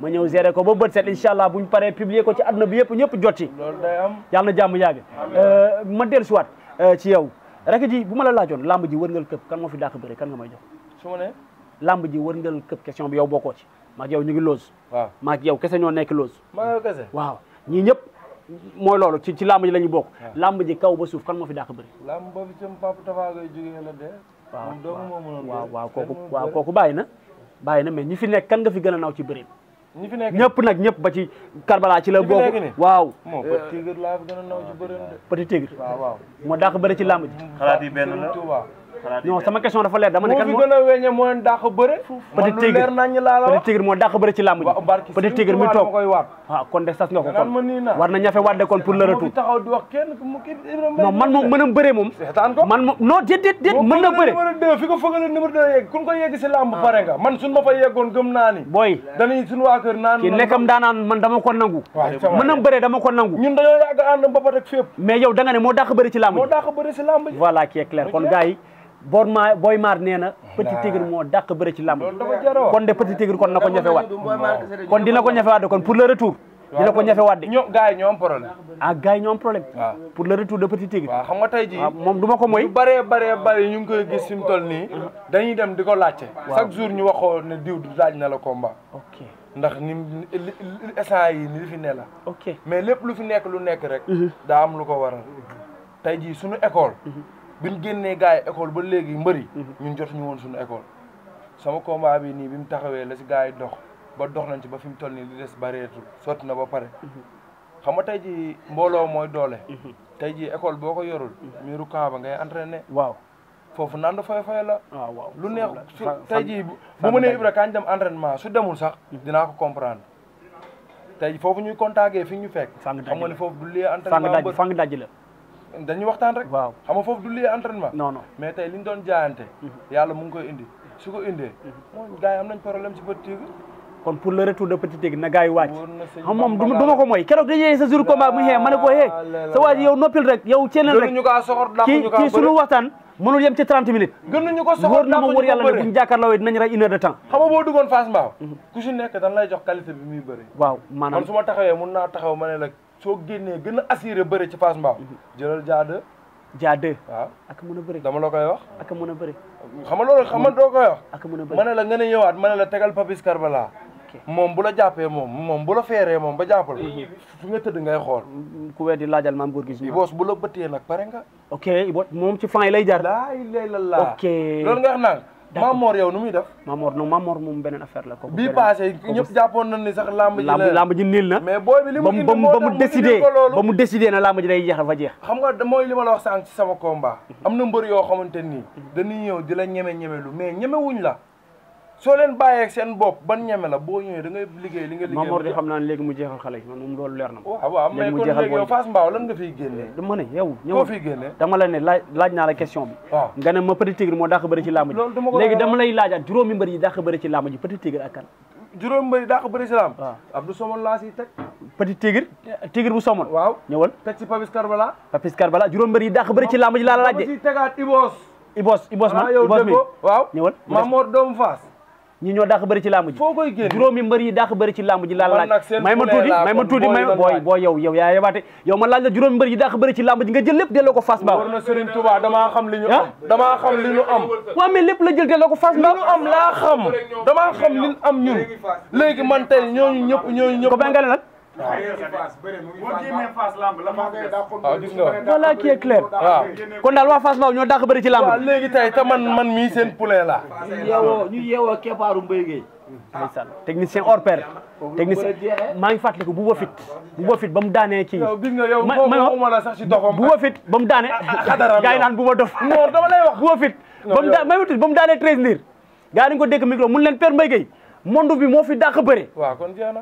ma ñëw gérer ko ba bët set incha allah bu ñu paree publier ko ci àdduna bi yëpp ñëpp jot ci. loolu day am yàlla na jàmm ma euh, ma dellusiwaat euh, ci yow rek ji bu ma la laajoon lamb ji ngal këpp kan moo fi dàq bëri kan nga may jox. su ma nee lamb ji wërngal këpp question bi yow bokkoo ci maak yow ñu ngi loos. waaw maak kese ñoo nekk loos. maa waaw ñii ñëpp. mooy loolu ci ci lamb ji lañu bokk. lamb ji kaw ba suuf kan moo fi dàq bëri. lamb boobu sama papa Tafa ngay jógee la dee. waaw waaw waaw kooku waaw kooku bàyyi na. bàyyi na ñi fi nekk kan nga fi gën a naw ci bëri ñi fi nekk ñëpp nag ñëpp ba ci Karbala ci la bokk waaw petit tigre laa gën a naw ci bëri waaw moo dàq bëri ci làmb ji xalaat yi benn la non sama question dafa leer dama ne kan moo gën a bëre Petit Tigre nañ laa moo dàq bëre ci làmb ji Petit Tigre mi toog ah, war na ñafe wadde kon pour le retour taxaw di man moom mën a bëre moom man moom non déet déet mën na bëre fi ko fëgale numéro deux yegg kun ko yegg si làmb ah. pare nga man suñ ma fa yeggoon gëm naa ni booy dañuy suñu waa man dama ko nangu mën a bëre dama ko nangu ñun dañoo yàgg ànd mbapat ak fépp mais yow da ne moo dàq bëre ci làmb ji bor maa Boy Maar nee na Petit Tigre moo dàq bëre ci làmb kon de Petit Tigre kon na ko ñafe waat kon dina ko ñafe waat de kon pour le retour dina ko ñafe waat de ñoom gars yi ñoo am problème ah gars ñoo problème pour le retour de Petit Tigre waaw xam nga tey jii ah, moom du ma ko mooy bëree bëree bëri ñu ngi koy gis fi mu nii uh-huh. dañuy dem di ko laajte chaque jour ñu waxoo ne diw du laaj na la combat ok ndax ni essence yi ni li fi ne la ok mais lépp lu fi nekk lu nekk rek uh-huh. daa am lu ko waral uh-huh. tey jii suñu école bi ñu génnee gars yi école ba léegi mbëri ñun jotuñu woon suñu école sama combat bi nii bi mu taxawee la si gars yi dox ba dox nañ ci ba fi mu toll nii li des bareetul sotti na ba pare xam nga tey ji mbooloo mooy doole tey ji école boo ko yorul miiru kaaba ngay entraîné waaw foofu naan fay fay la ah, lu neex su tey ji bu ma nee Ibra kañ dem entraînement su demul sax hmm. dinaa ko comprendre tey foofu ñuy contacté fi ñu fekk xam nga ne foofu du lieu entraînement fang daj la dañu waxtaan rek. waaw xam nga foofu du lié entraînement. non non mais tey li ñu doon jaayante. Mhm. yàlla mu indi su ko indee. Mhm. mooy gars yi am nañ problème si bët Tigre. kon pour le retour de Petit na gars yi wàcc. xam moom du ma ko mooy keroog dañuy sa jour combat mu xee ma ne ko hee sa waa ji yow noppil rek yow ceenal rek ci ci waxtaan. mënul yem ci 30 minutes. gënuñu ko soxor na ma wóor yàlla ne bu ñu boo duggoon Fass Mbao. Mhm. ku si nekk dañ lay jox qualité bi muy bëri. waaw maanaam taxawee mun naa taxaw ma ne la soo génnee gën a assuré bëri ci Fass Mbao mhm. jëlal jaade jaade waaw ak mën a bëri dama la koy wax ak mën a bëri xam nga loolu xam nga doo koy wax ak mën a bëri la nga ne ñëwaat ma ne la tegal Papis Karbala moom bu la jàppee moom moom bu la feeree moom ba jàppal mhm. fu nga tëdd ngay xool ku weer di laajal maam góor gi Ibos bu la yee nag pare nga ok Ibos moom ci fan yi lay jaar laa ilaaha illallaah ok loolu nga wax Mamor yow nu muy def Mamor non Mamor moom beneen affaire la kooku bii passé ñëpp jàppoon nañ ni sax lamb ji la lamb ji niil na mais booy bi li mu indi ba mu décidé ba mu décidé na lamb ji day jeex dafa jeex xam nga mooy li ma la wax sànq sa sama combat mhm. am na mbër yoo xamante nii dañuy ñëw di la ñeme ñeme lu mais ñemewuñ la soo leen bàyyeeg seen bopp ban ñeme la boo ñëwee da ngay liggéey li nga liggéey Mamor di xam naa ne léegi mu jeexal xale yi man moom loolu leer na ma waaw mais kon léegi yow Fass Mbao lan nga fiy génnee dama ne yow ñëw koo fiy génnee dama la ne laaj laaj naa la question bi waaw nga ne ma Petit Tigre moo dàq bëri ci làmb ji léegi dama lay laajaat juróomi mbër yi dàq bëri ci làmb ji Petit Tigre ak kan juróomi mbër yi dàq bëri ci làmb waaw Abdou Somone laa si teg Petit Tigre Tigre bu Somone waaw ñëwal teg ci Papis Karbala Papis Karbala juróom mbër yi dàq bëri ci làmb ji laa la laaj de tegaat Ibos Ibos Ibos man Ibos mi waaw ñëwal Mamor doomu Fass ñi ñoo dàq bëri ci làmb ji foo koy génn juróomi mbër yi dàq bëri ci làmb ji laa laaj may ma tuuti may ma tuuti may booy booy yow yow yaa yabaate yow ma laaj la juróomi mbër yi dàq bëri ci làmb ji nga jël lépp delloo ko Fass Mbaw war na Serigne Touba damaa xam li ñu am ah? damaa xam li ñu am waaw mais lépp la jël delloo ko Fass Mbaw am laa xam damaa xam li ñu am ñun léegi man tey ñooñu ñëpp ñooñu ñëpp ko benn nga ne nag waaw ah. ah, gis nga voilà qui est clair. waaw ah. kon daal waa Fass Mbaw ñoo dàq bëri ci lamb. waaw léegi tey te man man mii seen poulain la ñu yeewoo ñu yeewoo keppaaru Mbaye Gueye. ndeysaan technicien hors pair. technicien maa ngi fàttaliku bu wofit bu wofit ba mu daanee ci. yow gis bu wofit ba mu daanee. xadara gaa yi naan bu ma dof. non dama lay wax bu wofit. ba mu daan mayutit ba mu daanee treize liir. ko dégg micro mun leen père Mbaye Gueye monde bi moo fi dàq bëri. waaw kon jeex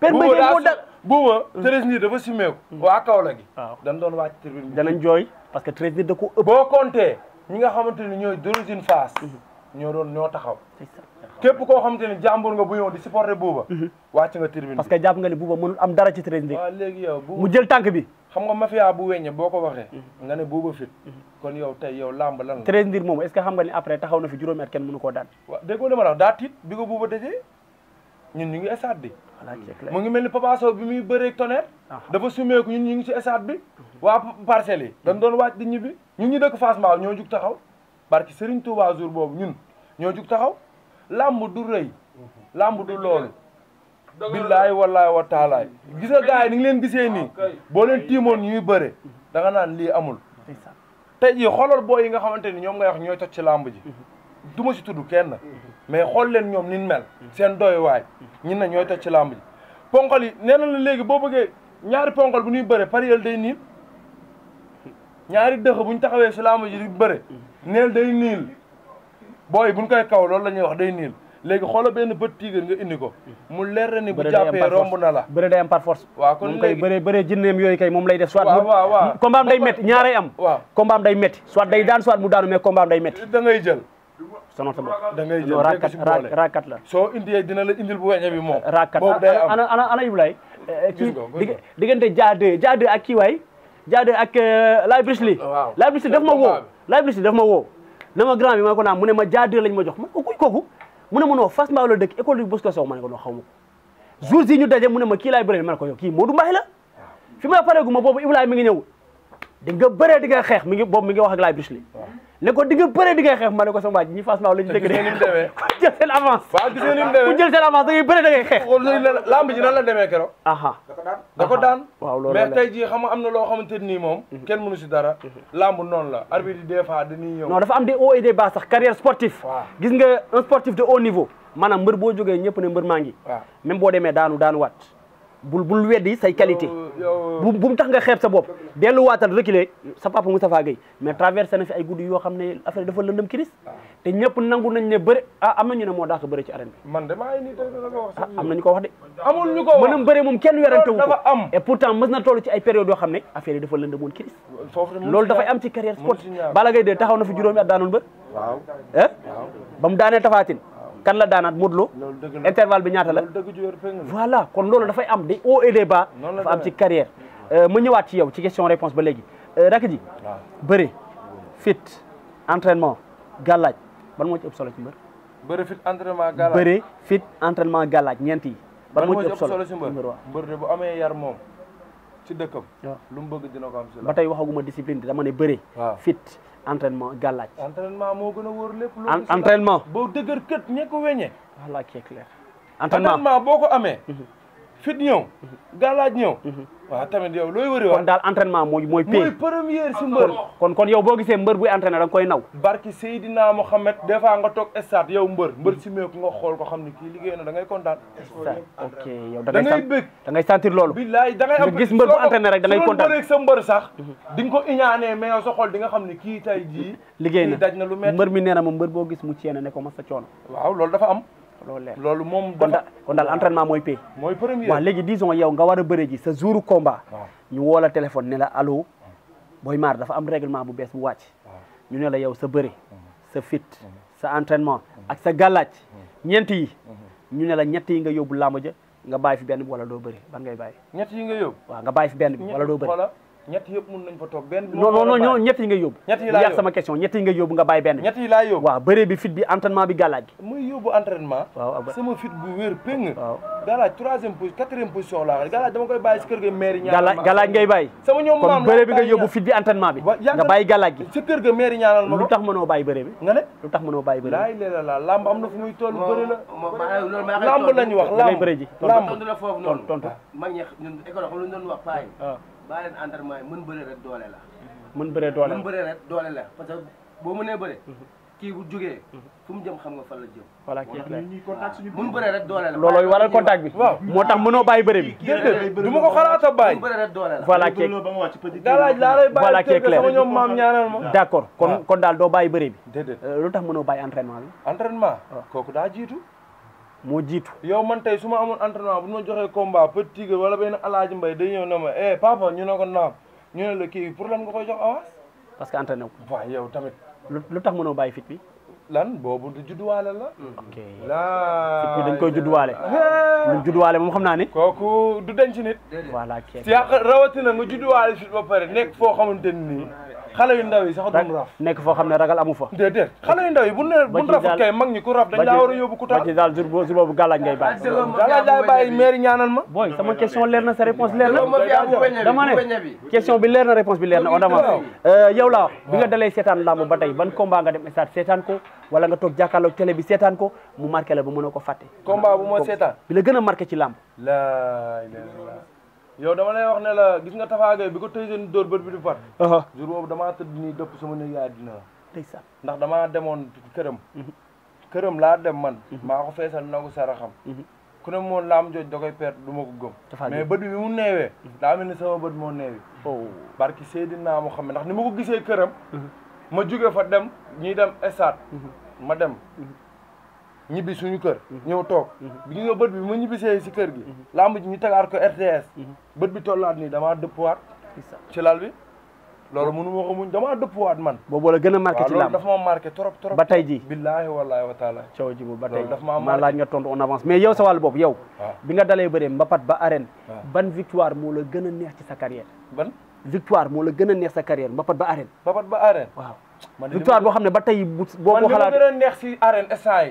père Mbaye moo da buuba treize nit dafa simeeku hmm. waa Kaolack gi dañ doon wàcc tribune danañ que treize nit da ko ëpp boo compté ñi nga xamante ni ñooy d'origine Fass hmm. ñoo doon ñoo taxaw képp koo xamante ni jàmbur nga bu ñëw di supporté buuba hmm. wàcc nga tribune parce que am dara ci treize nit bi xam nga mafia boo ko waxee nga ne buuba fit kon moom est ce xam nga ni après taxaw na fi juróomi at kenn mënu koo daan waaw déggoo bi ko buuba dajee ñun ñu ngi stade bi mu ngi mel ni Papa Sow bi muy bëree tonnerre ah. dafa sumeeku ñun ñu ngi ci stade bi waa parcelles yi dañ doon wàcc di ñibbi ñun ñu dëkk Fass Mbao ñoo jug taxaw barki Serigne Touba jour boobu ñun ñoo jug taxaw làmb du rëy làmb du loolu billaay wallaay wa taalaay gis nga gars ni ngi leen gisee nii ah, boo leen tiimoon ñuy bëre da naan lii amul tey jii xoolal boo yi nga xamante ni ñoom ngay wax ñooy toj ci làmb ji mhm. du ma si tudd kenn mais xool leen ñoom nin mel seen doy waay ñin na ñooy toj ci làmb ji ponkal yi nee na la léegi boo bëggee ñaari ponkal bu ñuy bëre pariel day niil ñaari dëkk bu ñu taxawee si làmb ji di bëre neel day niil booy bu ñu koy kaw loolu la ñuy wax day niil léegi xoolal benn bët tigër nga indi ko mu leer na ni bu jàppee romb na la bëre day am par force waaw kon léegi koy jinneem yooyu kay moom lay def soit waaw combat am day met ñaaray am waaw combat am day métti soit day daan mu daanu mais combat am day métti da ngay sono ta bopp da ngay jël raakat raakat la soo indee dina la indil bu weñe bi moom raakat ana ana ana jaade jaade ak kii waay jaade ak euh, laay brisli laay brisli daf ma woo laay brisli daf ma woo na ma grand bi ma ko naan mu ne ma jaade lañ ma jox ma ko kooku mu ne ma noo fas mbaaw dëkk école bi bës ma ne ko noo xaw ma ko ñu daje mu ne ma kii laay bëre ma ne ko yow kii Modou Mbaye la fi ma pareegu ma boobu Ibulaay mi ngi ñëw di nga bëree di nga xeex mi ngi boobu mi ngi wax a laay Bruce Lee ne ko nga bëree ma ne ko sama waa ji ñi jël seen avance waaw jël seen avance da ngay bëree da ngay xeex lamb ji nan la demee keroog aha da daan waaw loolu mais tey am na loo xamante nii moom mhm. kenn mënu si dara mhm. lamb noonu la arbitre yi des fois dañuy ñëw non dafa am des hauts et des bas sax carrière sportif gis nga un sportif de haut niveau maanaam mbër boo jogee ñëpp ne mbër maa ngi même boo demee daanu daanu waat bul bul weddi say qualité bu bu mu tax nga xeeb sa bopp delluwaatal reculer sa papa Moustapha Gueye mais traversé na fi ay guddi yoo xam ne affaire dafa lëndëm kiris te ñëpp nangu nañ ne bëri ah am nañu ne moo dàq bëri ci arène man damaa ni ah, am nañu ko wax de amul ñu ko wax mënam bëri moom kenn werante wu ko am et na toll ci ay période yoo xam ne affaire yi dafa lëndëm woon kiris loolu dafay am ci carrière sport bala Gaye de taxaw na fi juróomi at daanoon bër eh? ba mu daanee tafaatin kan la daanaat Modou Lo intervalle bi ñaata la voilà kon loolu dafay am des hauts et des bas dafa am ci carrière euh, ma ñëwaat ci yow ci question réponse ba léegi euh, rak ji bëri fit entraînement gàllaaj ban moo ci ëpp solo ci mbër bëri fit entraînement gàllaaj bëri fit entraînement gàllaaj ñeent yi ban moo ci ëpp solo ci mbër waaw mbër de bu amee yar moom ci dëkkam lu mu bëgg dina ko am si la ba tey waxaguma discipline dama ne bëri fit entraînement gàllaaj. entraînement mo gën a lepp lépp. entraînement bo dëgër kët ña ko wala ki c'est clair entraînement boko amé fit ñëw mhm. gàllaaj ñëw mhm. waaw tamit yow looy wëri kon daal entraînement mooy mooy mooy première si mbër kon kon yow boo gisee mbër bu entraîné da nga koy naw barki Seydina Mohamed des fois nga toog stade yow mbër mbër mhm. si meeku nga xool ko xam ne kii liggéey na da ngay kontaan ok yow da ngay bëgg da sentir loolu bilaay da ngay am gis mbër bu entraîné rek da ngay kontaan bëreg sa mbër sax di ko iñaanee mais sa xool di nga xam ne kii tay jii liggéey na daj na lu metti mbër mi nee na ma mbër boo gis mu ceene ne ko ma sa coono waaw loolu dafa am loolu loolu moom. kon daal kon daal entraînement mooy pay. mooy premier waaw léegi yow nga war a bëre ji sa jouru combat. ñu woo la téléphone ne la allo. Boy Maar dafa am règlement bu bees bu wàcc. ñu ne la yow sa bëre. Mm-hmm. sa fit mm-hmm. sa entraînement mm-hmm. ak sa gàllaaj ñeent yi. ñu ne la ñett yi nga yóbbu làmb ja nga bàyyi fi benn wala doo bëri ban ngay bàyyi. ñett yi nga yóbbu. waaw nga bàyyi fi benn bi wala doo bëri. ñett yëpp mën nañ fa toog benn non non non ñoo ñett yi ngay yóbbu ñett yi laa yóbbu sama question ñett yi ngay yóbbu nga bàyyi benn ñett yi laa yóbbu waaw bëree bi fit bi entraînement bi galaaj bi muy yóbbu entraînement waaw sama fit bu wér péng waaw galaaj troisième position quatrième position laa galaaj dama koy bàyyi si kër ga maire ñaanal galaaj ngay bàyyi sama ñoom maam kon bëree bi nga yóbbu fit bi entraînement bi nga bàyyi galaaj gi si kër ga maire ñaanal ma lu tax mënoo bàyyi bëree bi nga ne lu tax mënoo bàyyi bëree laay leela la lamb am na fu muy toll bëri la lamb lañ wax lamb lamb tontu la foofu noonu tontu mag ñi ñun école xam lu ñu doon wax paay baa leen entraînement yi mën bëre rek doole la. mën bëre doole la mën bëre rek doole la parce que boo mënee bëre. Mhm. ki bu jógee mhm. fu mu jëm xam nga fan la jëm. voilà kees la mun bëre rek doole la. loolooy waral contact bi. waaw moo tax mënoo bàyyi bëre bi. du ma ko xalaata bàyyi. mun bëre rek doole la. voilà kees daal laa lay bàyyi tey que sama ñoom maam ñaanal ma. d' kon kon daal doo bàyyi bëre bi. déedéet euh, lu tax mënoo bàyyi entraînement bi. entraînement ah. kooku daa jiitu. moo jiitu. yow man tey su ma amoon entraînement bu ma joxee combat Petit Tigre wala benn Alaaji Mbay day ñëw ne ma eh papa ñu ne ko naam ñu la kii pour lan nga koy jox avance. parce que entraîné wu. waaw yow tamit. lu tax mënoo bàyyi fit bi. lan boobu du judduwaale la. ok laa dañ koy judduwaale. ñun judduwaale moom xam naa ne. kooku du denc nit. voilà kenn. rawatina nga judduwaale fit ba pare nekk foo xamante ni. xale yu ndaw yi sax duñ raf nekk foo xam ne ragal amu fa déedéet xale yu ndaw yi bu ne buñ kay mag ñi ku raf dañ laa war a yóbbu ku taal ba ci ngay bàyyi gàllaaj ma booy sama question leer na sa réponse leer na dama ne question bi leer na bi leer na on avance euh, yow laa wax bi seetaan ba tey ban combat nga dem stade seetaan ko wala nga toog jàkkaarloog télé bi seetaan ko mu marqué la ba mënoo ko fàtte combat bu ma seetaan bi la gën a marqué ci làmb yow dama lay wax ne la gis nga Tapha Gueye bi ko tëj seen dóor bët bi di far jour boobu damaa tëdd nii dëpp sama néeg yaay dina ndeysaan ndax damaa demoon këram mhm. këram laa dem man mhm. maa ko feesal nagu saraxam mhm. ku ne moom laam jooj da koy perte du ma ko gëm mais bët bi mu neewee daa me ni sama bët moo neewi oh. barki xam Muhammad ndax ni ma ko gisee këram ma jóge fa dem ñuy dem estade ma dem ñibbi suñu kër mhm. ñëw toog mhm. bi nga bët bi ma ñibbisee si kër gi mhm. lamb ji ñu tegaat ko RTS bët bi tollaat nii damaa dëppwaat ci lal bi loolu mënu ma ko muñ damaa dëppwaat man boobu la gën a marqué ci lamb dafa ma marqué trop trop ba tey ji billaahi wa taala coow ji bu ba tey ma ma laaj nga tontu en avance mais yow sa wàllu bopp yow bi nga dalee bëree mbapat ba arène ban victoire moo la gën a neex ci sa carrière ban victoire moo la gën a neex sa carrière mbapat ba arène mbapat ba arène waaw victoire boo xam ne ba tey boo ko a neex si arène instant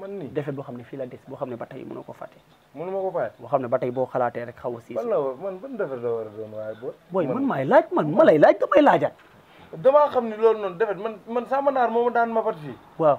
man nii defet boo xam ne fii la des boo xam ne ba tey mënoo ko fàtte mënu ma ko fàtte boo xam ne ba tey boo xalaatee rek xaw a siis man ban defet la war a doon waaye boo booy man maay laaj man ma lay da damay xam ne loolu noon defet man man sama naar mooma daan ma fat fii waaw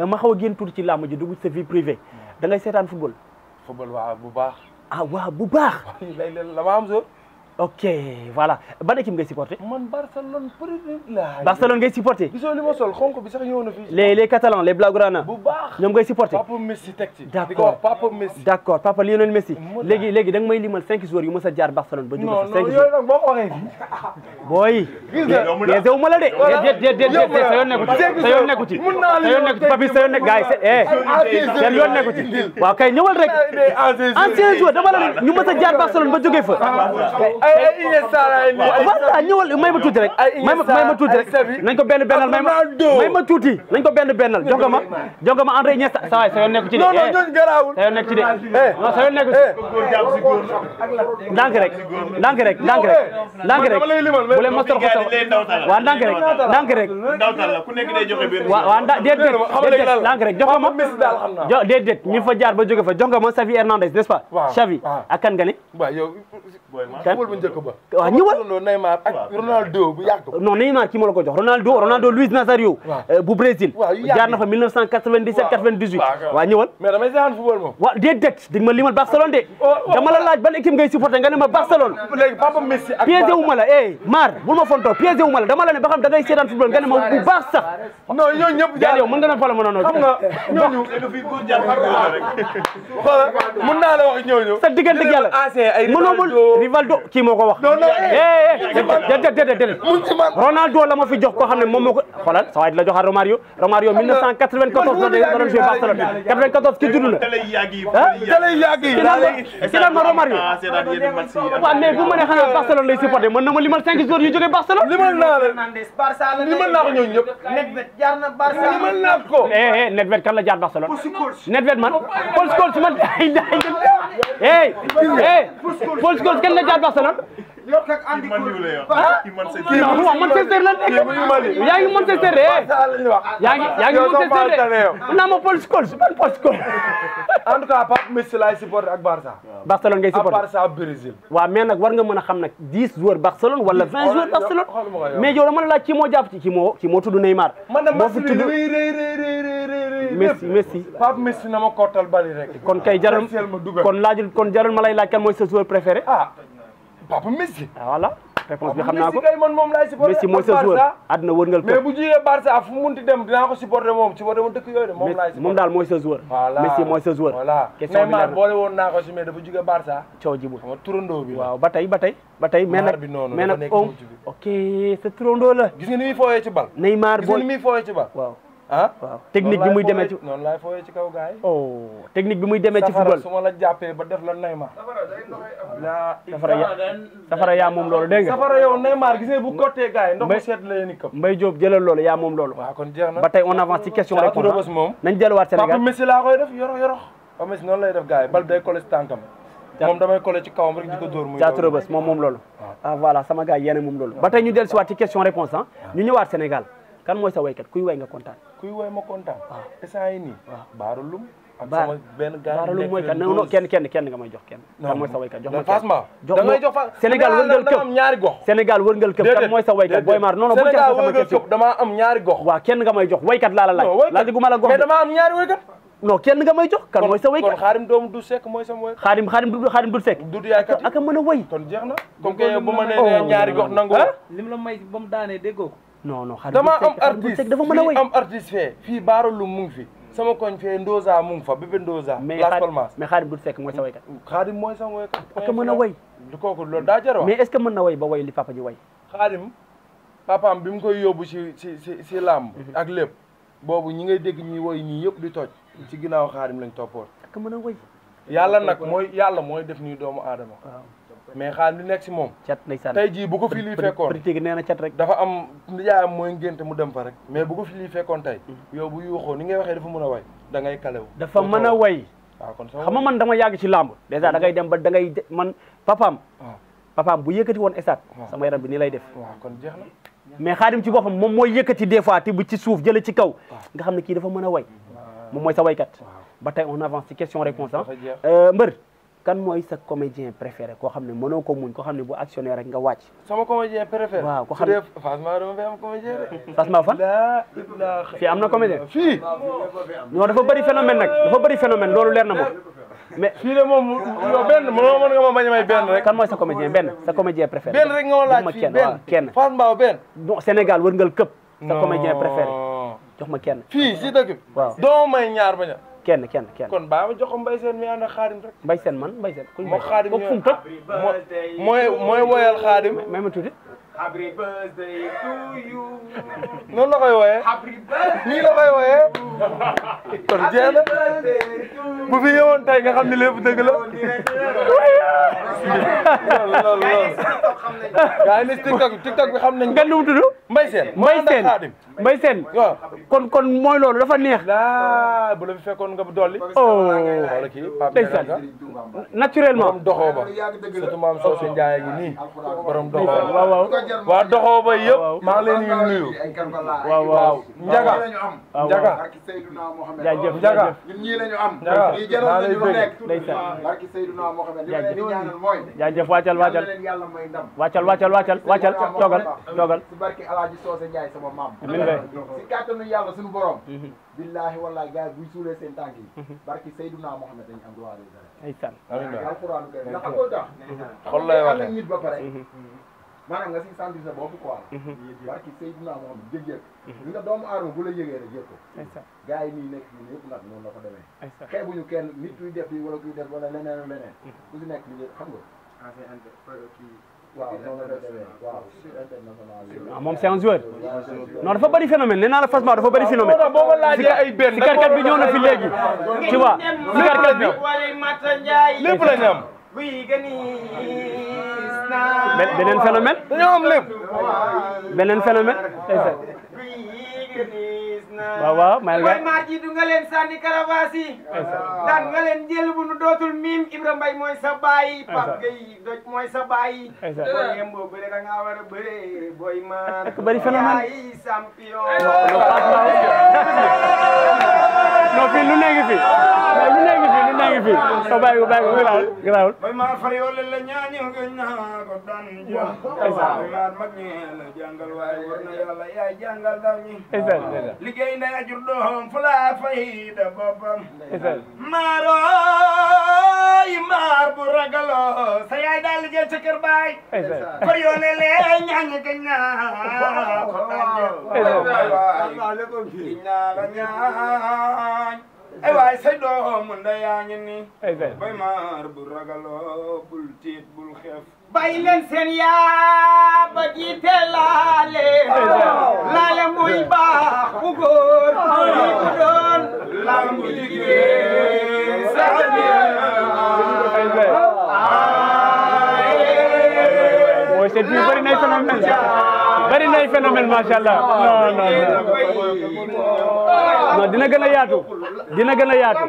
Euh, ma xaw a tout ci tu ji dugg sa vie privée da ngay sétane football. football wa bu baax. ah wa bu ok voilà qui qui qui supporter. Barcelone pour Barcelone supporter. les Catalans les Blaugrana. Papa Messi D'accord, Papa Messi. D'accord. Papa Lionel Messi. Légui légui dang may limal 5 joueurs yu Barcelone. ba non non yo nak boko ko sa yone sa Barcelone ay Iniesta ñëwal may ma tuuti rek. may ma tuuti rek nañ ko benn bennal may ma may ma tuuti nañ ko benn bennal sa waay sa yoon nekk ci de. non non ñooñu garaawul sa yoon nekk ci de. non sa yoon nekk ci ndànk rek ndànk rek ndànk fa jaar ba jóge fa jox ko ma Xavi Hernandez n'est-ce bu njëkk ba waaw ah, ñëwal Neymar ak ah. Ronaldo bu Neymar kii ko jox Ronaldo ah. Ronaldo Luiz Nazario eh, bu Brésil jaar na fa 1997 98 waaw ñëwal mais damay seetaan football moom waaw déedéet dig ma Barcelone de oh, oh, dama laaj ban équipe ngay supporter nga ne ma Barcelone léegi Papa Messi ak piégé eh, bul ma fontoo piégé wu ma la ne ba xam da ngay seetaan football nga ne ma bu baax sax non naa la wax ñooñu sa diggante ak yàlla mënoo Rivaldo kii moo ko wax. non non eh, eh, eh, déedéet Ronaldo la ma fi jox ko xam ne moom moo ko xoolal saa waay di la joxaat Romario Romario 1994 la doon joué Barcelone ki judd la. ah dalay yàgg Romario. waaw ah, mais bu ma nee Barcelone la limal naa ko ñoom ñëpp. Nedved jaar na Barça limal naa ko. eh eh Nedved kan man Paul Scholes man. eh eh Paul kan la jaar Barcelone. yow tak andi ko kii man Manchester la nekk yaa ngi Manchester de yaa ngi yaa ngi Manchester de naa ma Paul Scholes ban Paul Scholes en tout cas Pape Messi laay supporter ak Barça Barcelone ngay supporter Barça Brésil waaw mais nag war nga mën a xam nag dix joueurs Barcelone wala vingt joueurs Barcelone mais yow la mën a laaj kii moo jàpp ci kii moo kii moo tudd Neymar moo fi tudd Messi Messi kon kay jaral kon laajul kon jaral ma laaj kan mooy sa joueur papa Messi. Ah, voilà réponse bi xam naa ko Messi kay man moom laay supporté. Messi mooy sa joueur àdduna wërngal mais bu jugee Barça fu mu munti dem dinaa ko supporté moom supporté moom dëkk yooyu daal mooy sa joueur. voilà mooy sa joueur. voilà Neymar boole woon naa ko si mais dafa bu xam nga turandoo bi. waaw ba tey ba tey ba tey. Neymar bi ok sa turandoo gis nga ni muy fooyee ci bal. Neymar booy gis nga ni muy fooyee ah? technique bi muy demee ci noonu laay oh technique bi muy demee ci football safara su la jàppee ba def la Neymar safara ya safara yaa moom loolu dégg nga safara yow Neymar gisee bu côté gars yi ndox mu seet la ni kam Mbaye Diop jëlal loolu yaa moom loolu waaw kon jeex na ba tey on avance ci question réponse moom nañ delluwaat Sénégal Papa Messi laa koy def yoro yoro Papa Messi noonu lay def gars yi bal day collé ci tànkam moom damay collé ci kawam rek di ko dóor muy Caatu Rëbës moom moom loolu ah voilà sama gars yi yéen moom loolu ba tey ñu dellusiwaat ci question réponse ah ñu ñëwaat Sénégal kan mooy sa waykat kuy way nga kontaan kuy way ma kontaan waaw ah. essant yi nii waaw ah. baarulum baar baar lu mooy kan non kenn kenn kenn nga may jox kenn. kan mooy sa waykat jox ma kenn da ngay jox Sénégal wërngal këpp am ñaari gox. Sénégal wërngal këpp kan mooy sa waykat Boy Maar non non bu Sénégal wërngal këpp damaa am ñaari gox. waaw kenn nga may jox waykat laa la laaj. laaj gu ma la gox mais damaa am ñaari waykat. non kenn nga may jox kan mooy sa waykat kon xaarim doomu du sekk mooy sa waykat. xaarim xaarim du xaarim du sekk. du yaaykat yi ak a mën a way. kon jeex na comme que bu ma nee ñaari gox nangu lim la may ba mu daanee déggoo ko non non xaarim du sekk dafa mën a way dama am artiste fii baaralu mu ngi fi sama koñ fee Ndoza mu ngi fa bébé Ndoza. Las Palmas mais Xaadim du Seck mooy sa woykat. Xaadim mm, mooy sa woykat. parce que mën na woy. kooku loolu daa jar mais est ce que mën na woy ba woy li papa ji woy. Xaadim papaam bi mu koy yóbbu si si si si làmb mhm. ak lépp boobu ñi ngay dégg ñuy woy ñii yëpp di toj. ci ginnaaw Xaadim lañ toppoon. parce que mën na woy. yàlla nag mooy yàlla mooy def nii doomu aadama. mais xaal li nekk si moom. cat ndeysaan tey jii bu ko fi lii fekkoon politique nee na cat rek. dafa dem fa rek. mais bu ko fi lii mm. yow bu yuuxoo ni ngay waxee dafa mën a way dangay ngay kalew. dafa mën way. waaw ah, kon xam nga man dama yàgg ci làmb. dèjà da ngay dem ba da ngay man papaam. Ah. papaam bu yëkkati woon estat. Ah. sama yaram bi ni lay def. waaw kon jeex na. mais xaadim ci boppam moom mooy yëkkati des fois te bu ci suuf jële ci kaw. nga xam ne kii dafa mën a way. moom mooy sa waykat. ba tey on avance ci question réponse ah euh, mbër kan moy sa comédien préféré ko xamné mëno ko muñ ko xamné bu actionnaire rek nga wacc sama comédien préféré. waaw ko xamné ne Fasma do fi am comédien rek. Fasma fan. fii am na comédien. fi non dafa bari phénomène nak dafa bari phénomène lolu lér na mo mais fi le mom yo ben mo mo nga ma bañ may ben rek. kan moy sa comédien ben sa comédien préféré. ben rek nga ma laaj fii benn kenn Fasma ben non Sénégal wërngal këpp. sa comédien préféré jox ma kenn. fi ci dëkk bi. waaw doo may ñaar baña kenn kenn kenn. kon baa ma jox ko Mbaye Sène mi ànd ak xaadim rek. Mbaye Sène man Mbaye Sène. kuñ Mbaye Sène kooku fu mu toj. Ah, mooy mooy woyal may ma tuuti. happy birthday to you. noonu la koy eh? wooyee. happy birthday nii la koy bu fi ñëwoon tey nga xam ne lépp dëgg la. loolu loolu loolu. yaa ngi ni tiktok tiktok bi xam nañ. gan lu mu tudd. Mbaye Sène Mbaye Sène Mbaye Sène. waaw kon kon mooy loolu dafa neex. ah bu la fi fekkoon nga bu dolli. oh wala kii Pape Ndiaye naturellement borom doxoo ba surtout maam waa doxoo ba yëpp maa ngi leen di nuyu waaw waaw njaga njaga jaajëf njaga ñun ñii lañu am njaga maa lay bëgg ndeysaan barki Seydina Mohamed jaajëf wàccal wàccal wàccal wàccal wàccal wàccal toogal toogal si barki Alaaji Soose Njaay sama maam amin kay si kàttanu yàlla suñu borom mhm. billahi wallahi gars buy suulee seen tànk yi mhm. barki Seydina Mohamed dañu am droit de dara ndeysaan alxuraan kay ndax akoo tax xol lay waxee nit ba pare mhm. maanaam nga siy sentir sa bopp quoi. barki mhm. Seydina moom jëg yëg li nga doomu aadama bu la yëgee rek yëg ko gars yi nii nekk fii yëpp nag noonu la ko demee xeebu ñu kenn nit kuy def lii wala kuy def wala mhm. si nekk li xam nga ah, euh, waaw noonu la demee waaw moom c'est un joueur non dafa bëri phénomène nee naa la Fass Mbaw dafa bëri phénomène si karkat bi ñëw na fi léegi tu vois si karkat beneen phénomène. dañoo am lépp. beneen phénomène. waaw waaw maa ngi lay. mooy maa nga leen sànni karabaas yi. daan nga leen jël bu nu dootul miim Ibra Mbaye mooy sa baay. Pape Gueye doj mooy sa baay. boo yem boo bëree da ngaa war a bëree booy maan. ak non fii lu nekk fii lu nekk fii lu nekk fii soo bàyyi ko bàyyi ko garaawul garaawul. waaw. liggéey na jur doom fu laa fay da boppam. maaroo. yi maar bu ragaloo sa yaay daal liggéey ca kër baay. kor yoo ne lee ñaani ka ñaan ko ñaan ay waay say doomu nda yaa ngi nii. bay maar bu ragaloo bul tiit bul xeef. bàyyi leen seen yaa ba jiite laale laale muy baax bu góor muy bu doon laale muy jigéen mooy seet bi bëri nay phénomène bëri nay phénomène macha allah non non non non dina gën a yaatu dina gën a yaatu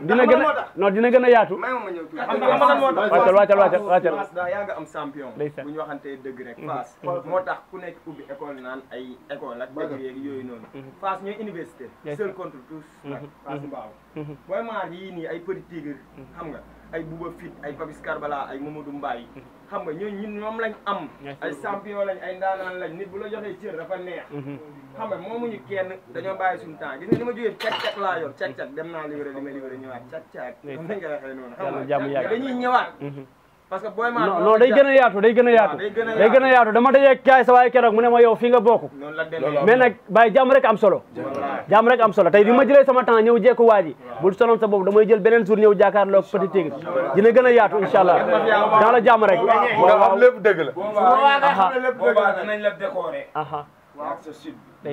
dina gën a non dina gën a yaatu wàccal wàccal wàccal wàccal yaa nga am champion bu ñu waxantee dëgg rek mm-hmm. Fass mm-hmm. moo tax ku nekk ubbi école naan ay école ak dëgg yeeg yooyu noonu mm-hmm. Fass ñooy université seul contre tous Fass mbaaw booy maar yii nii ay petit tigre xam nga ay Bouba Fit ay Papis Karbala ay Mamadou Mbaye xam nga ñooñu ñun moom lañ am ay champion lañ ay ndaanaan lañ nit bu la joxee cër dafa neex mhm. xam nga moomuñu kenn dañoo bàyyi suñu temps gis nga ni ma jógee cag-cag laa yor cag-cag dem naa livré li ma livré ñëwaat cag-cag am parce que booy maa non day gën a yaatu day gën a yaatu day gën a yaatu dama dajee kaay sa waaye keroog mu ne ma yow fii nga bokk mais am solo jàmm am solo tey bi ma jëlee sama temps ñëw jekku waa ji bul soloon sa bopp damay jël beneen jour ñëw jàkkaarloo petit tigre dina gën a yaatu incha allah dans la jàmm rek waaw waaw lépp la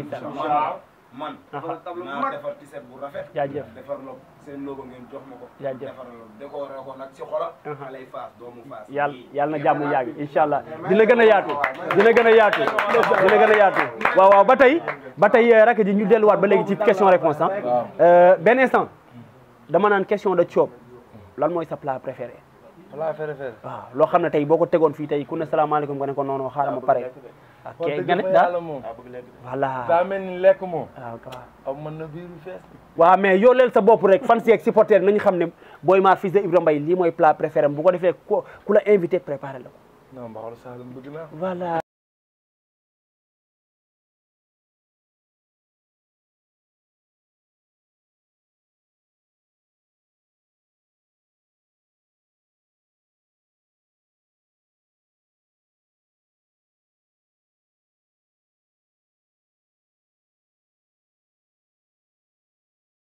dinañ la man naa defar tiset lo seen lo décoré ko nag si xola alay faas yàlla yàlla na jàmm yàgg incha allah dina gën a yaatu dina gën a yaatu dina gën a yaatu waaw waaw ba tey ba tey eh, rakk ji ñu delluwaat ba léegi ci question réponse ah eh, benn instant dama naan question de coob lan mooy sa plat préféré plat préféré loo xam ne tey boo ko tegoon fii tey ku ne salaamaaleykum nga ne ko noonu xaaral ma pare Ah, kay ganit daal moom ah, voilà daa mel ah, waaw mën na biiru mais yoo leel sa bopp rek fan si yeeg supporter nañu xam ne booy ma fils de Ibrahima Mbaye lii mooy plat préféré bu ko defee ku la invité préparé la ko non